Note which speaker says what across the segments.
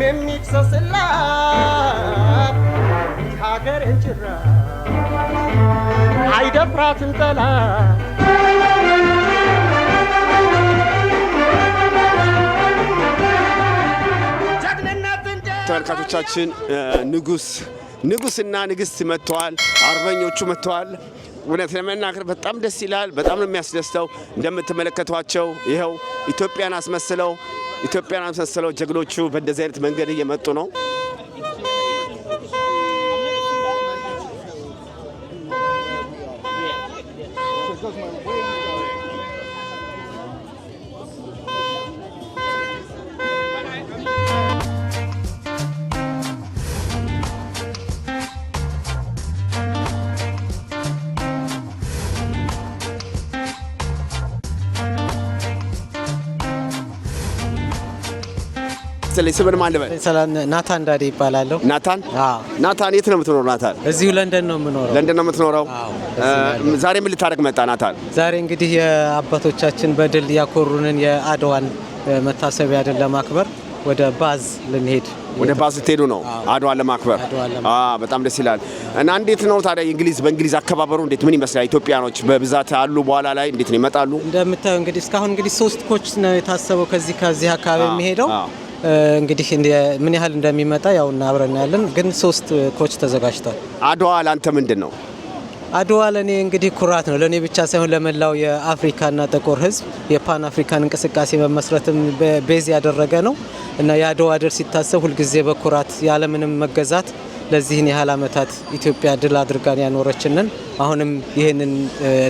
Speaker 1: የሚፍሰስላት ሀገሬን ጭራ አይደፍራትም ጠላት ተመልካቾቻችን ንጉስ ንጉስና ንግስት መጥተዋል። አርበኞቹ መጥተዋል። እውነት ለመናገር በጣም ደስ ይላል። በጣም ነው የሚያስደስተው። እንደምትመለከቷቸው ይኸው ኢትዮጵያን አስመስለው ኢትዮጵያን አመሳሰለው ጀግኖቹ በእንደዚህ አይነት መንገድ እየመጡ ነው። መሰለኝ። ስምን ማን ልበል?
Speaker 2: ናታን እንዳዴ ይባላለሁ።
Speaker 1: ናታን ናታን፣ የት ነው የምትኖረው? ናታን
Speaker 2: እዚሁ ለንደን ነው የምኖረው።
Speaker 1: ለንደን ነው የምትኖረው። ዛሬ ምን ልታደርግ መጣ? ናታን
Speaker 2: ዛሬ እንግዲህ የአባቶቻችን በድል ያኮሩንን የአድዋን መታሰቢያ ድል ለማክበር ወደ ባዝ ልንሄድ
Speaker 1: ወደ ባዝ ልትሄዱ ነው አድዋን ለማክበር። በጣም ደስ ይላል። እና እንዴት ነው ታዲያ እንግሊዝ በእንግሊዝ አከባበሩ እንዴት ምን ይመስላል? ኢትዮጵያኖች በብዛት አሉ በኋላ ላይ እንዴት ነው ይመጣሉ?
Speaker 2: እንደምታየው እንግዲህ እስካሁን እንግዲህ ሶስት ኮች ነው የታሰበው ከዚህ ከዚህ አካባቢ የሚሄደው እንግዲህ ምን ያህል እንደሚመጣ ያው አብረን ያለን፣ ግን ሶስት ኮች ተዘጋጅቷል።
Speaker 1: አድዋ ለአንተ ምንድን ነው?
Speaker 2: አድዋ ለእኔ እንግዲህ ኩራት ነው። ለእኔ ብቻ ሳይሆን ለመላው የአፍሪካና ጥቁር ሕዝብ የፓን አፍሪካን እንቅስቃሴ መመስረትም ቤዝ ያደረገ ነው እና የአድዋ ድል ሲታሰብ ሁልጊዜ በኩራት ያለምንም መገዛት ለዚህን ያህል ዓመታት ኢትዮጵያ ድል አድርጋን ያኖረችንን አሁንም ይህንን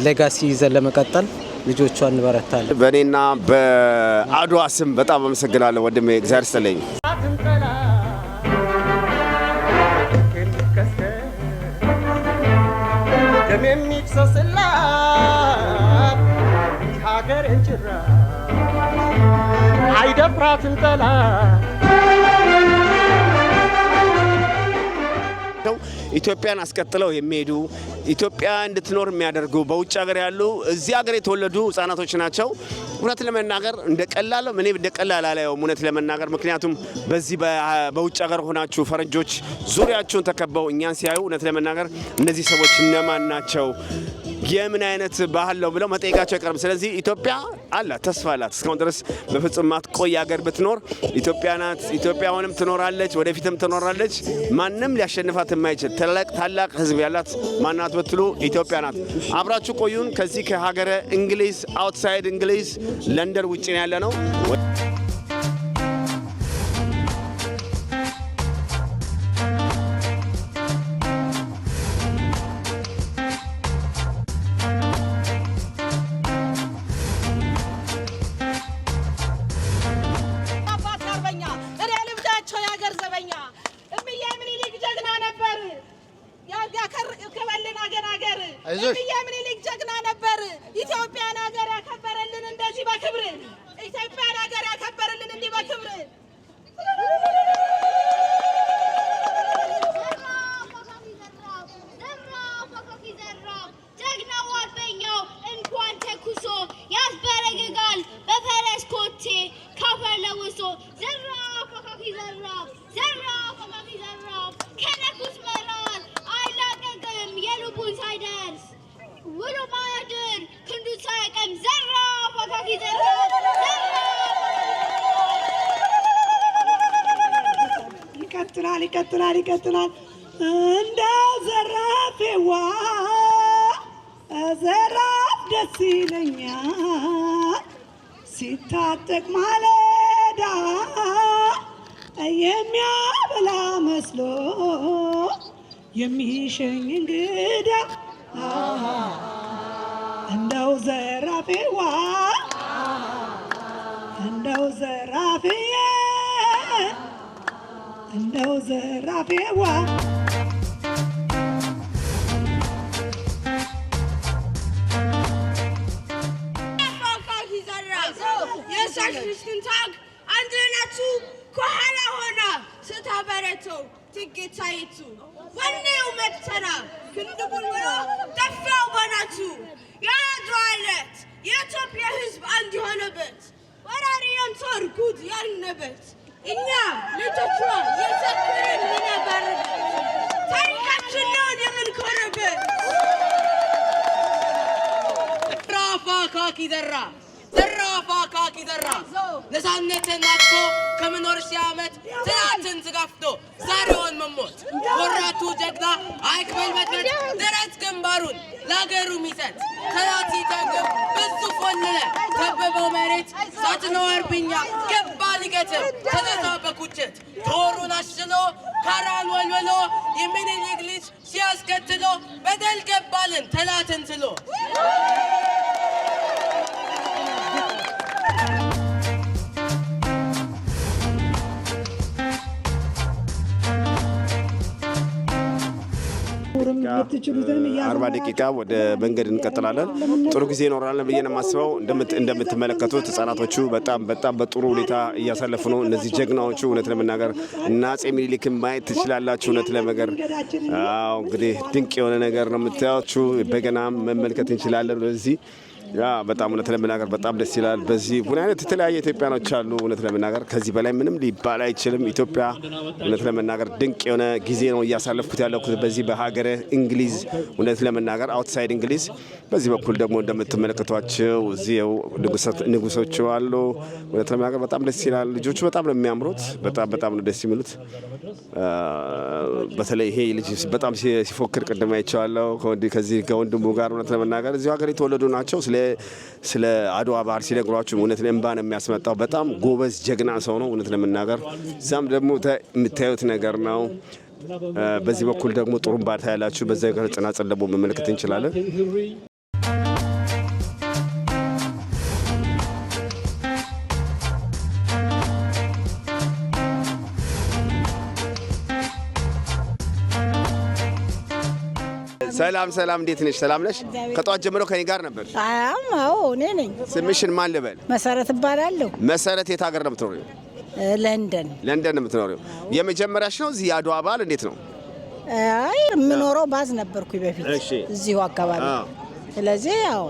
Speaker 2: ሌጋሲ ይዘን ለመቀጠል ልጆቿ እንበረታለን።
Speaker 1: በእኔና በአድዋ ስም በጣም አመሰግናለሁ ወንድሜ፣ እግዚአብሔር ይስጥልኝ። አይደፍራትን ጠላ ኢትዮጵያን አስቀጥለው የሚሄዱ ኢትዮጵያ እንድትኖር የሚያደርጉ በውጭ ሀገር ያሉ እዚህ ሀገር የተወለዱ ህጻናቶች ናቸው። እውነት ለመናገር እንደ ቀላል እኔ እንደ ቀላል አላየውም፣ እውነት ለመናገር ምክንያቱም በዚህ በውጭ ሀገር ሆናችሁ ፈረንጆች ዙሪያችሁን ተከበው እኛን ሲያዩ እውነት ለመናገር እነዚህ ሰዎች እነማን ናቸው የምን አይነት ባህል ነው ብለው መጠየቃቸው አይቀርም። ስለዚህ ኢትዮጵያ አላት፣ ተስፋ አላት። እስካሁን ድረስ በፍጹም ማትቆይ ሀገር ብትኖር ኢትዮጵያ ናት። ኢትዮጵያውንም ትኖራለች፣ ወደፊትም ትኖራለች። ማንም ሊያሸንፋት የማይችል ታላቅ ታላቅ ህዝብ ያላት ማናት ብትሉ ኢትዮጵያ ናት። አብራችሁ ቆዩን። ከዚህ ከሀገረ እንግሊዝ አውትሳይድ እንግሊዝ ለንደን ውጭ ያለ ነው።
Speaker 3: ይቀጥላል። እንደ ዘራፌዋ ዘራፍ ደስ ይለኛል ሲታጠቅ ማለዳ የሚያበላ መስሎ የሚሸኝ እንግዳ እንደው ዘራፌዋ እንደው ዘራፌ እንደው ዘራፊዋ የእሷች የኢትዮጵያ ሕዝብ አንድ የሆነበት ወራሪ የምሶር ያልነበት እኛ ልጆቿ የሰፈረን ሚና ባረግ ታሪካችን ነው የምንኮረበት። ዘራፋ ካኪ ዘራ ዘራፋ ካኪ ዘራ ነፃነትን ናቅቶ ከመኖር ሺህ ዓመት ትናንትን ስጋፍቶ ዛሬውን መሞት ወራቱ ጀግና አይክበል መድረድ ደረት ግንባሩን ለአገሩ ሚሰጥ ከራቲ ተግብ ብዙ ቆለለ ከበበው መሬት ሳትነው አርብኛ ገባ ሊገትም በማለት ጦሩን አስሎ ካራን ወልወሎ የሚኒሊክ ልጅ ሲያስከትሎ በደል ገባልን ተላትን ትሎ
Speaker 1: አርባ ደቂቃ ወደ መንገድ እንቀጥላለን። ጥሩ ጊዜ ይኖራለን ብዬ ነው የማስበው። እንደምትመለከቱት ህጻናቶቹ በጣም በጣም በጥሩ ሁኔታ እያሳለፉ ነው። እነዚህ ጀግናዎቹ እውነት ለመናገር እና አፄ ሚኒሊክን ማየት ትችላላችሁ። እውነት ለመገር እንግዲህ ድንቅ የሆነ ነገር ነው የምታያችሁ። በገናም መመልከት እንችላለን በዚህ ያ በጣም እውነት ለመናገር በጣም ደስ ይላል። በዚህ ቡና አይነት የተለያየ ኢትዮጵያኖች አሉ። እውነት ለመናገር ከዚህ በላይ ምንም ሊባል አይችልም። ኢትዮጵያ እውነት ለመናገር ድንቅ የሆነ ጊዜ ነው እያሳለፍኩት ያለኩት በዚህ በሀገረ እንግሊዝ እውነት ለመናገር አውትሳይድ እንግሊዝ። በዚህ በኩል ደግሞ እንደምትመለከቷቸው እዚው ንጉሶች አሉ። እውነት ለመናገር በጣም ደስ ይላል። ልጆቹ በጣም ነው የሚያምሩት። በጣም በጣም ነው ደስ የሚሉት። በተለይ ይሄ ልጅ በጣም ሲፎክር ቅድም አይቼዋለሁ ከዚህ ከወንድሙ ጋር እውነት ለመናገር እዚሁ ሀገር የተወለዱ ናቸው ስለ ስለ አድዋ ባህል ሲነግሯችሁ እውነት እንባ ነው የሚያስመጣው። በጣም ጎበዝ ጀግና ሰው ነው እውነት ለመናገር። እዛም ደግሞ የምታዩት ነገር ነው። በዚህ በኩል ደግሞ ጥሩምባ ታያላችሁ። በዛ ነገር ጽናጽን ደግሞ መመልከት እንችላለን። ሰላም ሰላም፣ እንዴት ነሽ? ሰላም ነሽ? ከጠዋት ጀምሮ ከኔ ጋር ነበር።
Speaker 4: አም አዎ፣ እኔ ነኝ።
Speaker 1: ስምሽን ማን ልበል?
Speaker 4: መሰረት እባላለሁ።
Speaker 1: መሰረት፣ የት ሀገር ነው የምትኖሪው? ለንደን። ለንደን ነው የምትኖሪው? የመጀመሪያሽ ነው እዚህ የአድዋ በዓል እንዴት ነው?
Speaker 4: አይ የምኖረው ባዝ ነበርኩኝ በፊት እዚሁ አካባቢ። ስለዚህ ያው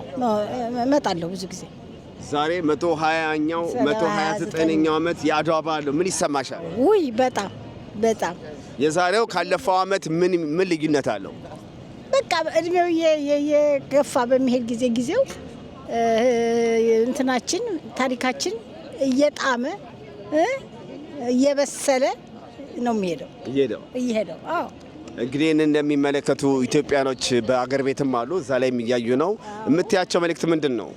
Speaker 4: እመጣለሁ ብዙ ጊዜ
Speaker 1: ዛሬ ሀያኛው መቶ ሀያ ዘጠነኛው ዓመት የአድዋ በዓል ነው። ምን ይሰማሻል?
Speaker 4: ውይ በጣም በጣም።
Speaker 1: የዛሬው ካለፈው ዓመት ምን ምን ልዩነት አለው?
Speaker 4: በቃ እድሜው የገፋ በሚሄድ ጊዜ ጊዜው እንትናችን ታሪካችን እየጣመ እየበሰለ ነው የሚሄደው እየሄደው እየሄደው አዎ።
Speaker 1: እንግዲህ እንደሚመለከቱ ኢትዮጵያኖች በአገር ቤትም አሉ፣ እዛ ላይም እያዩ ነው። የምትያቸው መልእክት ምንድን ነው?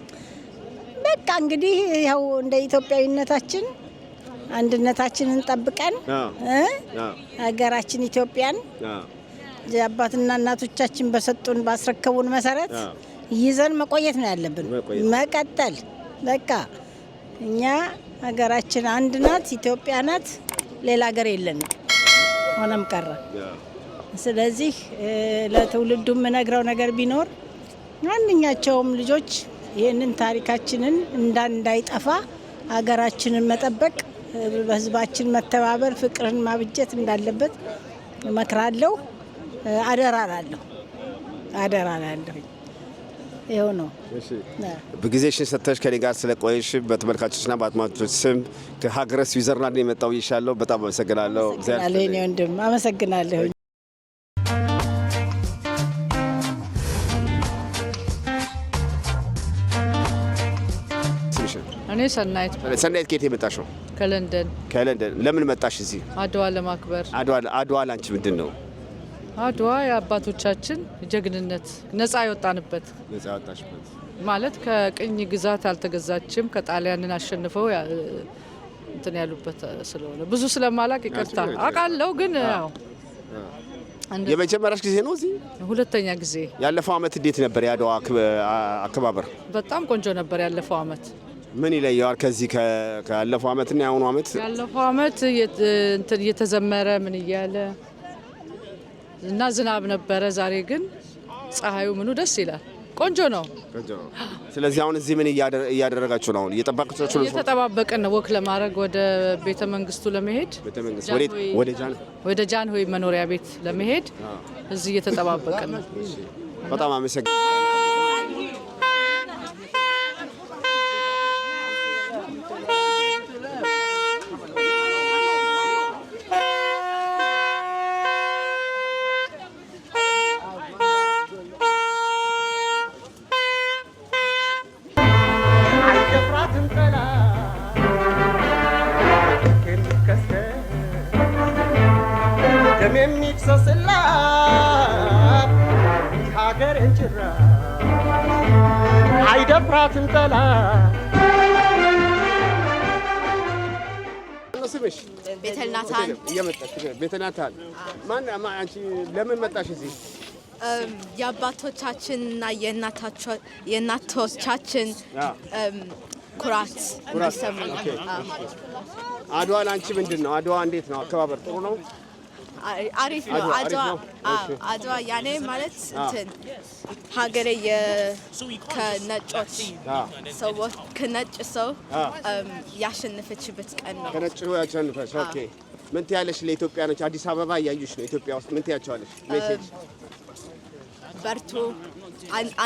Speaker 4: በቃ እንግዲህ ያው እንደ ኢትዮጵያዊነታችን አንድነታችንን ጠብቀን ሀገራችን ኢትዮጵያን አባትና እናቶቻችን በሰጡን ባስረከቡን መሰረት ይዘን መቆየት ነው ያለብን፣ መቀጠል በቃ እኛ ሀገራችን አንድ ናት፣ ኢትዮጵያ ናት። ሌላ ሀገር የለንም፣ ሆነም ቀረ። ስለዚህ ለትውልዱ የምነግረው ነገር ቢኖር ማንኛቸውም ልጆች ይህንን ታሪካችንን እንዳይጠፋ ሀገራችንን መጠበቅ፣ በህዝባችን መተባበር፣ ፍቅርን ማብጀት እንዳለበት እመክራለሁ። አደራ እላለሁ። አደራ እላለሁ። ይኸው ነው።
Speaker 1: ጊዜሽን ሰጥተሽ ከኔ ጋር ስለቆየሽ በተመልካቾችና በአድማጮች ስም ከሀገረ ስዊዘርላንድ የመጣው ይሻለው በጣም አመሰግናለሁ።
Speaker 4: ኔ ወንድም አመሰግናለሁ።
Speaker 5: እኔ ሰናይት
Speaker 1: ሰናይት፣ ከየት የመጣሽ ከለንደን። ከለንደን ለምን መጣሽ እዚህ?
Speaker 5: አድዋ ለማክበር።
Speaker 1: አድዋ ለአንቺ ምንድን ነው?
Speaker 5: አድዋ የአባቶቻችን ጀግንነት ነጻ የወጣንበት
Speaker 1: ነጻ ያወጣሽበት
Speaker 5: ማለት ከቅኝ ግዛት አልተገዛችም ከጣሊያንን አሸንፈው እንትን ያሉበት ስለሆነ ብዙ ስለማላቅ ይቅርታ አውቃለሁ። ግን ያው
Speaker 1: የመጀመሪያሽ ጊዜ ነው እዚህ
Speaker 5: ሁለተኛ ጊዜ።
Speaker 1: ያለፈው አመት እንዴት ነበር የአድዋ አከባበር?
Speaker 5: በጣም ቆንጆ ነበር ያለፈው አመት።
Speaker 1: ምን ይለየዋል ከዚህ ካለፈው አመትና የአሁኑ አመት?
Speaker 5: ያለፈው አመት እየተዘመረ ምን እያለ እና ዝናብ ነበረ። ዛሬ ግን ፀሐዩ ምኑ ደስ ይላል። ቆንጆ ነው።
Speaker 1: ስለዚህ አሁን እዚህ ምን እያደረጋችሁ ነው? አሁን እየጠባቅቻችሁ ነው?
Speaker 5: እየተጠባበቅን ነው ወክ ለማድረግ ወደ ቤተ መንግስቱ ለመሄድ ወደ ጃን ሆይ መኖሪያ ቤት ለመሄድ እዚህ እየተጠባበቅን ነው። በጣም አመሰግናለሁ።
Speaker 6: ስምሽ?
Speaker 1: ቤተልናታን ማን አንቺ ለምን መጣሽ እዚህ?
Speaker 6: የአባቶቻችንና የእናቶቻችን ኩራት ይሰማል።
Speaker 1: አድዋን አንቺ ምንድን ነው አድዋ እንዴት ነው አከባበር? ጥሩ ነው
Speaker 6: አሪፍ ነው። አድዋ ያኔ ማለት እንትን ሀገሬ ከነጮች ሰዎች ከነጭ ሰው ያሸነፈችበት ቀን ነው።
Speaker 1: ከነጭ ሰው ያሸነፈች። ኦኬ ምን ትያለሽ? ነች አዲስ አበባ እያዩሽ ነው ኢትዮጵያ ውስጥ ምን ትያቸዋለሽ? ሜሴጅ
Speaker 6: በርቱ፣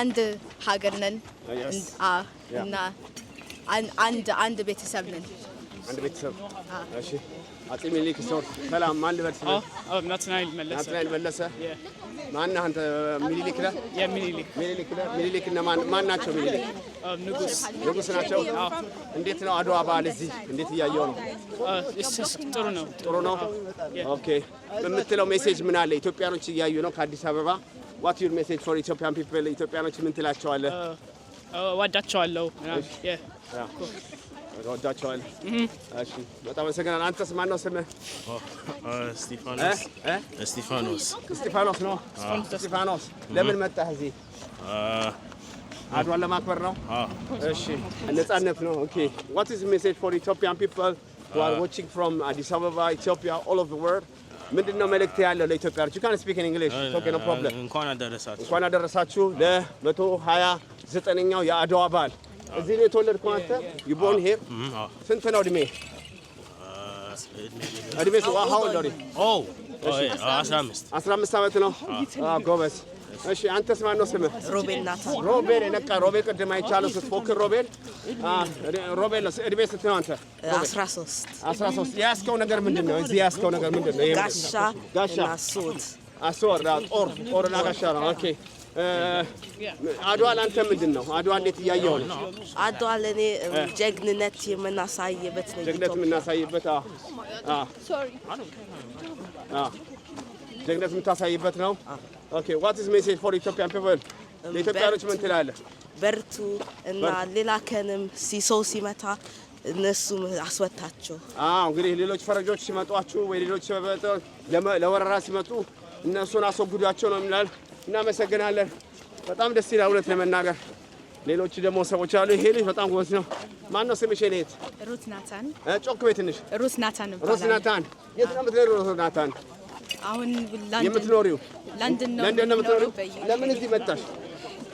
Speaker 6: አንድ ሀገር ነን ah, እና አንድ አንድ ቤተሰብ ነን። አንድ ቤተሰብ
Speaker 1: እሺ አጼ ሚኒሊክ ስቶር ሰላም ማን ልበልስ?
Speaker 7: ናትናኤል መለሰ።
Speaker 1: ናትናኤል መለሰ ማነህ አንተ? ሚኒሊክ ነህ? የሚኒሊክ ሚኒሊክ ነህ? ሚኒሊክ እና ማን ናቸው? ሚኒሊክ ንጉስ ንጉስ ናቸው። እንዴት ነው አድዋ በዓል እዚህ እንዴት እያየው ነው? ጥሩ ነው፣ ጥሩ ነው። ኦኬ በምትለው ሜሴጅ ምን አለ? ኢትዮጵያኖች እያዩ ነው ከአዲስ አበባ። ዋት ዩር ሜሴጅ ፎር ኢትዮጵያን ፒፕል ኢትዮጵያኖች ምን ትላቸዋለህ?
Speaker 7: እወዳቸዋለሁ
Speaker 1: ተወዳቸዋል። በጣም አመሰግናለሁ። አንተስ ማን ነው ስምህ?
Speaker 8: እስጢፋኖስ። እስጢፋኖስ
Speaker 1: ነው። እስጢፋኖስ ለምን መጣህ እዚህ? አድዋን ለማክበር ነው። እሺ፣ ነጻነት ነው። ኦኬ ዋት ኢዝ ሜሴጅ ፎር ኢትዮጵያን ፒፕል who are watching from Addis Ababa, Ethiopia, all of the world ምንድን ነው መልእክት ያለው ለኢትዮጵያ? you can speak in English it's okay no problem።
Speaker 8: እንኳን አደረሳችሁ
Speaker 1: እንኳን አደረሳችሁ ለ129ኛው የአድዋ በዓል እዚህ ነው የተወለድከው አንተ? ይቦን ሄር ah. mm-hmm. ah. ስንት ነው እድሜ? Uh, እድሜ oh,
Speaker 8: oh, አስራ
Speaker 1: አምስት ዓመት ነው። ah. ጎበዝ። እሺ አንተስ ማን ነው ስምህ? ሮቤል ናታ። ሮቤል የነቃ ሮቤል፣ ቅድም አይቻለሁ ስትፎክር ሮቤል። ሮቤል እድሜ ስንት ነው አንተ?
Speaker 9: Uh, አስራ ሦስት
Speaker 1: አስራ ሦስት የያዝከው ነገር ምንድን ነው? እዚህ የያዝከው ነገር ምንድን ነው?
Speaker 9: ጋሻ ጋሻ፣
Speaker 1: ጦር ጦርና ጋሻ ነው። ኦኬ አድዋ ለአንተ ምንድን ነው? አድዋ እንዴት እያየው ነው?
Speaker 9: አድዋ ለእኔ ጀግንነት የምናሳይበት ነው።
Speaker 1: ጀግነት የምናሳይበት ጀግነት የምታሳይበት ነው። ኦኬ ዋት ኢዝ ሜሴጅ ፎር ኢትዮጵያን ፒፕል ለኢትዮጵያኖች ምን ትላለህ?
Speaker 9: በርቱ እና ሌላ ከንም ሲሰው ሲመታ እነሱም አስወታቸው።
Speaker 1: አዎ እንግዲህ ሌሎች ፈረጆች ሲመጧችሁ ወይ ሌሎች ለወረራ ሲመጡ እነሱን አስወግዷቸው ነው የሚላል እናመሰግናለን። በጣም ደስ ይላል እውነት ለመናገር ሌሎች ደግሞ ሰዎች አሉ። ይሄ ልጅ በጣም ጎበዝ ነው። ማን ነው ስምሽ? ሌት ሩት ናታን። ጮክ በይ ትንሽ። ሩት ናታን ነው። ሩት ናታን፣ የት ነው የምትኖሪው? ሩት ናታን፣
Speaker 9: አሁን ላንደን የምትኖሪው? ላንደን ነው። ለንደን ነው የምትኖሪው?
Speaker 1: ለምን እዚህ መጣሽ?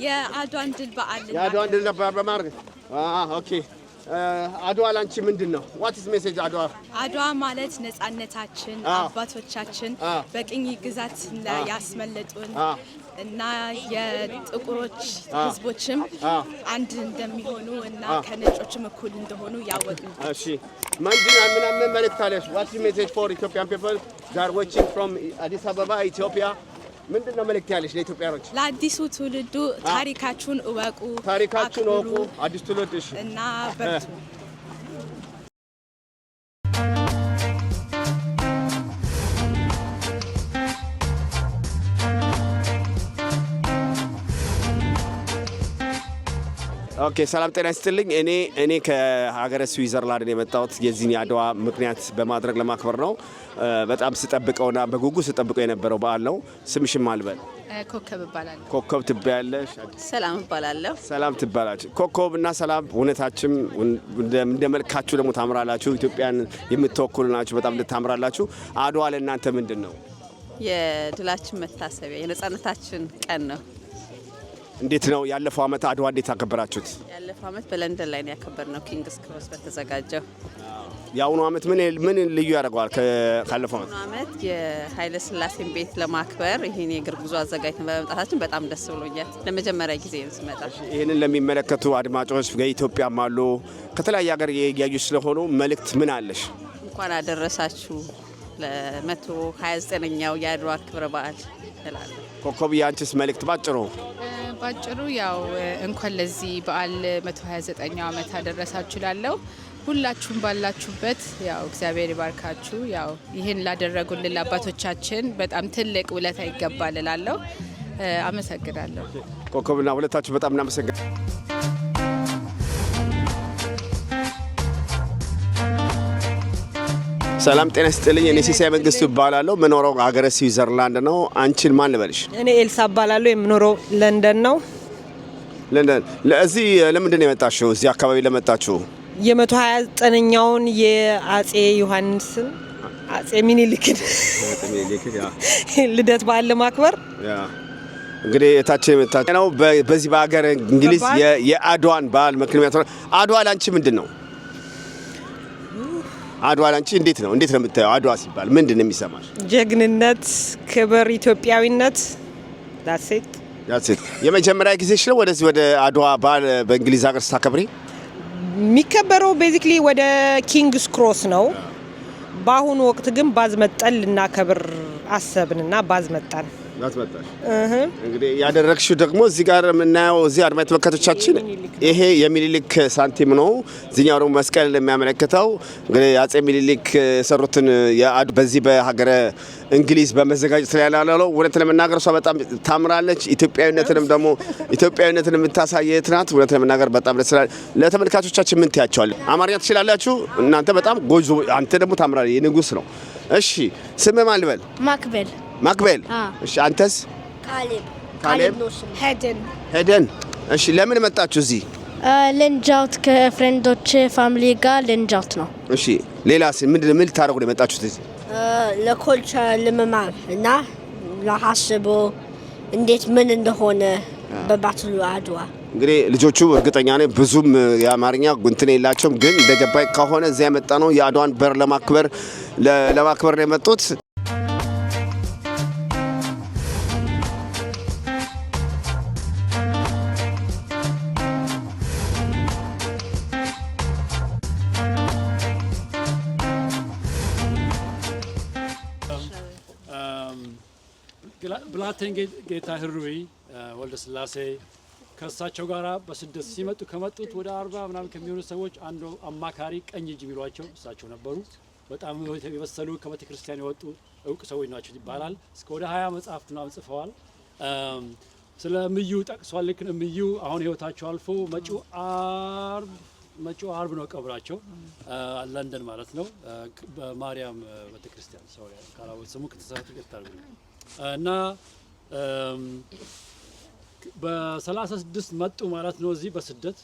Speaker 9: የአድዋን ድል በዓል
Speaker 1: የአድዋን ድል በማድረግ ኦኬ። አድዋ ላንቺ ምንድን ነው? ዋት ኢዝ ሜሴጅ አድዋ?
Speaker 9: አድዋ ማለት ነጻነታችን አባቶቻችን በቅኝ ግዛት ላይ ያስመለጡን እና የጥቁሮች ህዝቦችም አንድ እንደሚሆኑ እና ከነጮችም እኩል እንደሆኑ ያወቅ እሺ
Speaker 1: ምንድን ዋት ሜሴጅ ፎር ኢትዮጵያን ዛር ፍሮም አዲስ አበባ ኢትዮጵያ ምንድን ነው መልእክት ያለሽ ለኢትዮጵያኖች?
Speaker 9: ለአዲሱ ትውልዱ ታሪካችሁን እወቁ፣
Speaker 1: ታሪካችሁን እወቁ። አዲስ ትውልድ እሺ እና በርቱ ኦኬ ሰላም ጤና ይስጥልኝ። እኔ እኔ ከሀገረ ስዊዘርላንድ የመጣሁት የዚህን የአድዋ ምክንያት በማድረግ ለማክበር ነው። በጣም ስጠብቀውና በጉጉ ስጠብቀው የነበረው በዓል ነው። ስምሽም አልበል?
Speaker 2: ኮከብ እባላለሁ።
Speaker 1: ኮከብ ትባያለሽ?
Speaker 2: ሰላም እባላለሁ።
Speaker 1: ሰላም ትባላች። ኮከብ እና ሰላም እውነታችም እንደ መልካችሁ ደግሞ ታምራላችሁ። ኢትዮጵያን የምትወክሉ ናችሁ። በጣም እንድታምራላችሁ። አድዋ ለእናንተ ምንድን ነው?
Speaker 2: የድላችን መታሰቢያ የነጻነታችን ቀን ነው።
Speaker 1: እንዴት ነው ያለፈው ዓመት አድዋ እንዴት አከበራችሁት?
Speaker 2: ያለፈው ዓመት በለንደን ላይ ነው ያከበርነው ኪንግስ ክሮስ በተዘጋጀው።
Speaker 1: የአሁኑ ዓመት ምን ምን ልዩ ያደርገዋል ካለፈው አመት?
Speaker 2: አመት የኃይለ ስላሴን ቤት ለማክበር ይህን የእግር ጉዞ አዘጋጅተን በመምጣታችን በጣም ደስ ብሎኛል። ለመጀመሪያ ጊዜ ስመጣ
Speaker 1: ይህንን ለሚመለከቱ አድማጮች ከኢትዮጵያም አሉ ከተለያየ ሀገር እያዩ ስለሆኑ መልእክት ምን አለሽ?
Speaker 2: እንኳን አደረሳችሁ ለ129ኛው የአድዋ ክብረ በዓል
Speaker 1: እላለሁ። ኮከብ የአንቺስ መልእክት ባጭሩ?
Speaker 2: ባጭሩ ያው እንኳን ለዚህ በዓል 129ኛው ዓመት አደረሳችሁ ላለው ሁላችሁም ባላችሁበት ያው እግዚአብሔር ይባርካችሁ። ያው ይህን ላደረጉልን አባቶቻችን በጣም ትልቅ ውለታ ይገባል እላለሁ። አመሰግናለሁ።
Speaker 1: ኮከብና ሁለታችሁ በጣም እናመሰግናለን። ሰላም ጤና ስጥልኝ። እኔ ሲሳይ መንግስቱ ይባላለሁ። መኖረው ሀገረ ስዊዘርላንድ ነው። አንቺን ማን ልበልሽ?
Speaker 2: እኔ ኤልሳ እባላለሁ። የምኖረው ለንደን ነው።
Speaker 1: ለንደን እዚህ ለምንድን ነው የመጣችሁ? እዚህ አካባቢ ለመጣችሁ
Speaker 2: የመቶ ሀያ ዘጠነኛውን የአጼ ዮሐንስን አጼ ሚኒሊክን ልደት በዓል ለማክበር
Speaker 1: እንግዲህ የታችን ነው። በዚህ በሀገር እንግሊዝ የአድዋን በዓል ምክንያት አድዋ ለአንቺ ምንድን ነው? አድዋ አንቺ እንዴት ነው እንዴት ነው የምታየው? አድዋ ሲባል ምንድን ነው የሚሰማሽ?
Speaker 2: ጀግንነት፣ ክብር፣ ኢትዮጵያዊነት ዳሴት
Speaker 1: ዳሴት። የመጀመሪያ ጊዜሽ ነው ወደዚህ ወደ አድዋ በዓል በእንግሊዝ ሀገር ስታከብሪ?
Speaker 2: የሚከበረው ቤዚክሊ ወደ ኪንግስ ክሮስ ነው። በአሁኑ ወቅት ግን ባዝመጠን ልናከብር አሰብንና ባዝመጣን አስመጣሽ።
Speaker 1: እንግዲህ ያደረግሽው ደግሞ እዚህ ጋር የምናየው እዚህ አድማ ተመልካቾቻችን ይሄ የሚኒሊክ ሳንቲም ነው። እዚህኛው ደግሞ መስቀል የሚያመለክተው እንግዲህ አጼ ሚኒሊክ የሰሩትን በዚህ በሀገረ እንግሊዝ በመዘጋጀት ላይ ያላለው እውነት ለመናገር እሷ በጣም ታምራለች። ኢትዮጵያዊነትንም ደግሞ ኢትዮጵያዊነትን የምታሳየ ትናት እውነት ለመናገር በጣም ደስ ይላል። ለተመልካቾቻችን ምን ትያቸዋል? አማርኛ ትችላላችሁ እናንተ በጣም ጎጆ። አንተ ደግሞ ታምራለህ። የንጉስ ነው። እሺ ስም ማን ልበል? ማክበል ማክቤል። እሺ፣ አንተስ? ካሌብ። ካሌብ ሄደን ሄደን። እሺ፣ ለምን መጣችሁ እዚህ?
Speaker 2: ለንጃውት ከፍሬንዶች ፋሚሊ ጋር ለንጃውት ነው።
Speaker 1: እሺ፣ ሌላስ ምንድን ምን ልታደርጉ ነው የመጣችሁት እዚህ?
Speaker 2: ለኮልቸር ለመማር እና ለሀስቦ እንዴት ምን እንደሆነ በባትሉ አድዋ
Speaker 1: እንግዲህ ልጆቹ እርግጠኛ ነኝ ብዙም የአማርኛ እንትን የላቸውም፣ ግን እንደገባኝ ከሆነ እዚያ የመጣ ነው የአድዋን በር ለማክበር ለማክበር ነው የመጡት።
Speaker 10: ብላቴን ጌታ ህሩይ ወልደ ስላሴ ከእሳቸው ጋር በስደት ሲመጡ ከመጡት ወደ አርባ ምናምን ከሚሆኑ ሰዎች አንዱ አማካሪ ቀኝ እጅ የሚሏቸው እሳቸው ነበሩ። በጣም የበሰሉ ከቤተ ክርስቲያን የወጡ እውቅ ሰዎች ናቸው ይባላል። እስከ ወደ ሀያ መጽሐፍት ምናምን ጽፈዋል። ስለ ምዩ ጠቅሷል። ልክ ምዩ አሁን ህይወታቸው አልፎ መጪው አርብ መጪው አርብ ነው ቀብራቸው፣ ለንደን ማለት ነው በማርያም ቤተክርስቲያን ሰው ካላወት ስሙ ከተሳሳቱ እና በሰላሳ ስድስት መጡ ማለት ነው እዚህ በስደት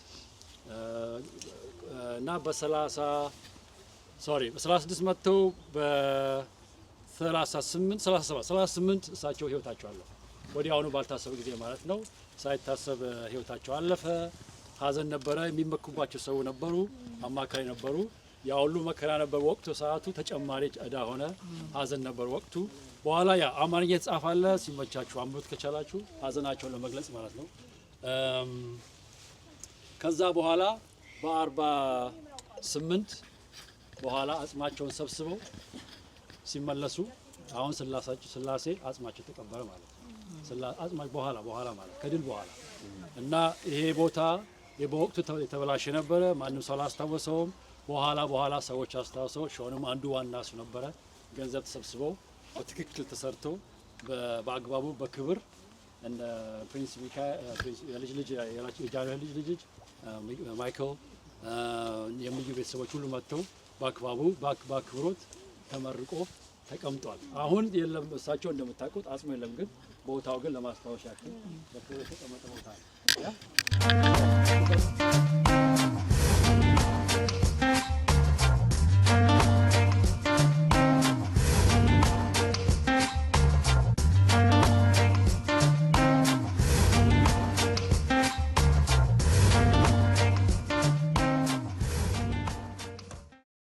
Speaker 10: እና በሰላሳ ሶሪ በሰላሳ ስድስት መጥተው በሰላሳ ስምንት ሰላሳ ሰባት ሰላሳ ስምንት እሳቸው ህይወታቸው አለፈ። ወዲያውኑ ባልታሰብ ጊዜ ማለት ነው ሳይታሰብ ህይወታቸው አለፈ። ሀዘን ነበረ። የሚመኩባቸው ሰው ነበሩ፣ አማካሪ ነበሩ። ያ ሁሉ መከራ ነበር ወቅቱ። ሰዓቱ ተጨማሪ እዳ ሆነ፣ ሀዘን ነበር ወቅቱ። በኋላ ያ አማርኛ የተጻፋለ ሲመቻችሁ አንብቡት ከቻላችሁ ሀዘናቸውን ለመግለጽ ማለት ነው። ከዛ በኋላ በአርባ ስምንት በኋላ አጽማቸውን ሰብስበው ሲመለሱ አሁን ስላሴ አጽማቸው ተቀበረ ማለት ነው። አጽማቸው በኋላ በኋላ ማለት ከድል በኋላ እና ይሄ ቦታ በወቅቱ የተበላሸ ነበረ። ማንም ሰው አላስታወሰውም። በኋላ በኋላ ሰዎች አስታውሰው ሆንም አንዱ ዋና እሱ ነበረ። ገንዘብ ተሰብስበው በትክክል ተሰርቶ በአግባቡ በክብር ፕሪንስ ልጅ ልጅ ልጅ ማይክል የሚዩ ቤተሰቦች ሁሉ መጥተው በአግባቡ በአክብሮት ተመርቆ ተቀምጧል። አሁን የለም እሳቸው እንደምታውቁት አጽሞ የለም፣ ግን ቦታው ግን ለማስታወሻ ያክል በክብር የተቀመጠ ቦታ ነው።